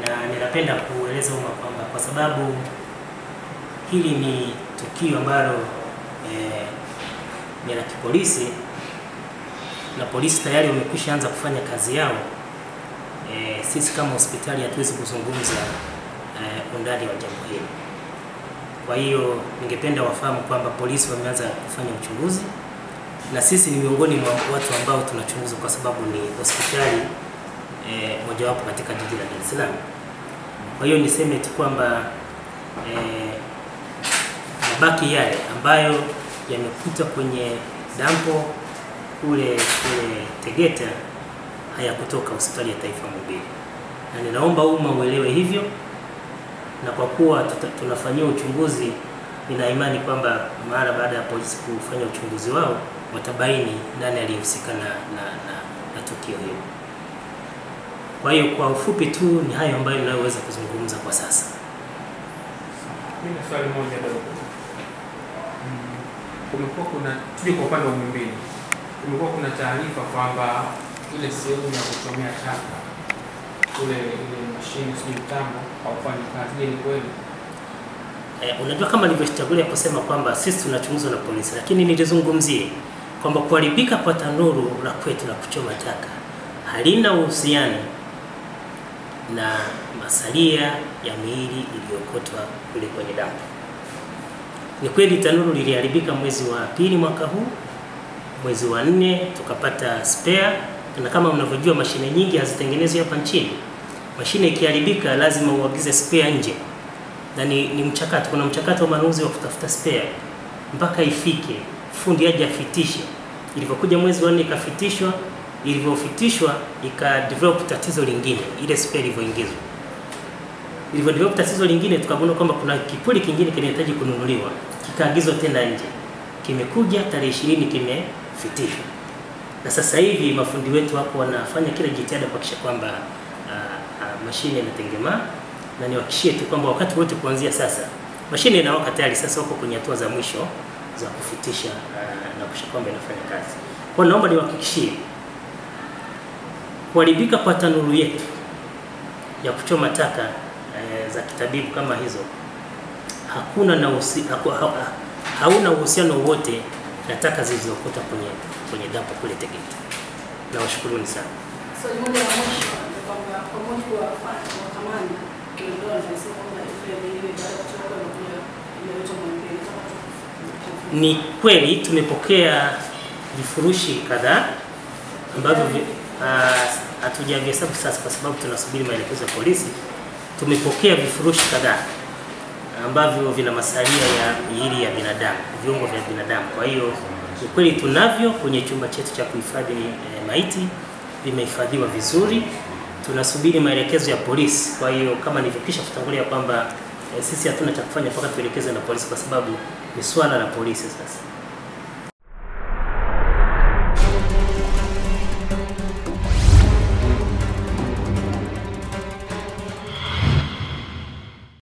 na ninapenda kueleza umma kwamba kwa sababu hili ni tukio ambalo eh, ni la kipolisi na polisi tayari wamekwisha anza kufanya kazi yao. E, sisi kama hospitali hatuwezi kuzungumza e, undani wa jambo hili. Kwa hiyo ningependa wafahamu kwamba polisi wameanza kufanya uchunguzi na sisi ni miongoni mwa watu ambao tunachunguza kwa sababu ni hospitali e, mojawapo katika jiji la Dar es Salaam. Kwa hiyo niseme tu kwamba e, mabaki yale ambayo yamekuta kwenye dampo kule kule Tegeta hayakutoka hospitali ya taifa Muhimbili, na ninaomba umma uelewe hivyo, na kwa kuwa tunafanyia uchunguzi, nina imani kwamba mara baada ya polisi kufanya uchunguzi wao watabaini nani aliyehusika na, na, na, na tukio hilo. Kwa hiyo kwa ufupi tu ni hayo ambayo ninayoweza kuzungumza kwa sasa. Mimi na swali moja dogo. Mm, kumekuwa kuna tuje kwa upande wa mimbili, kumekuwa kuna taarifa kwamba ile sehemu ya kuchomea taka kule ile mashine sijui mtambo haufanyi kazi. ni kweli? Eh, unajua kama nilivyotangulia kusema kwamba sisi tunachunguzwa na polisi, lakini nilizungumzie kwamba kuharibika kwa tanuru la kwetu la kuchoma taka halina uhusiano na masalia ya miili iliyokotwa kule kwenye dampo. Ni kweli tanuru liliharibika mwezi wa pili mwaka huu, mwezi wa nne tukapata spare, na kama mnavyojua mashine nyingi hazitengenezwi hapa nchini. Mashine ikiharibika lazima uagize spare nje, na ni, ni mchakato, kuna mchakato wa manunuzi wa kutafuta spare mpaka ifike fundi aje afitishe. Ilivyokuja mwezi wa nne ikafitishwa, ilivyofitishwa ika develop tatizo lingine, ile spare ilivyoingizwa. ilivyo develop tatizo lingine, tukaona kwamba kuna kipuli kingine kinahitaji kununuliwa, kikaagizwa tena nje, kimekuja tarehe 20 kimefitishwa, na sasa hivi mafundi wetu wako wanafanya kila jitihada kuhakikisha kwamba ah, ah, mashine inatengemaa, na niwahakikishie tu kwamba wakati wote kuanzia sasa mashine inawaka tayari, sasa wako kwenye hatua za mwisho za kufitisha ah, na kuhakikisha kwamba inafanya kazi. Kwa naomba niwahakikishie Kuharibika kwa tanuru yetu ya kuchoma taka e, za kitabibu kama hizo hakuna na usi, haku, ha, hauna uhusiano wote na taka zilizokota kwenye, kwenye dampo kule Tegeta. Nawashukuruni sana. Swali moja la mwisho ni na Ni kweli tumepokea vifurushi kadhaa ambavyo uh, hatujavihesabu sasa kwa sababu tunasubiri maelekezo ya polisi. Tumepokea vifurushi kadhaa ambavyo vina masalia ya miili ya binadamu, viungo vya binadamu. Kwa hiyo ukweli tunavyo kwenye chumba chetu cha kuhifadhi e, maiti, vimehifadhiwa vizuri, tunasubiri maelekezo ya polisi. Kwa hiyo kama nilivyokisha kutangulia kwamba e, sisi hatuna cha kufanya mpaka tuelekezwe na polisi, kwa sababu ni swala la polisi sasa.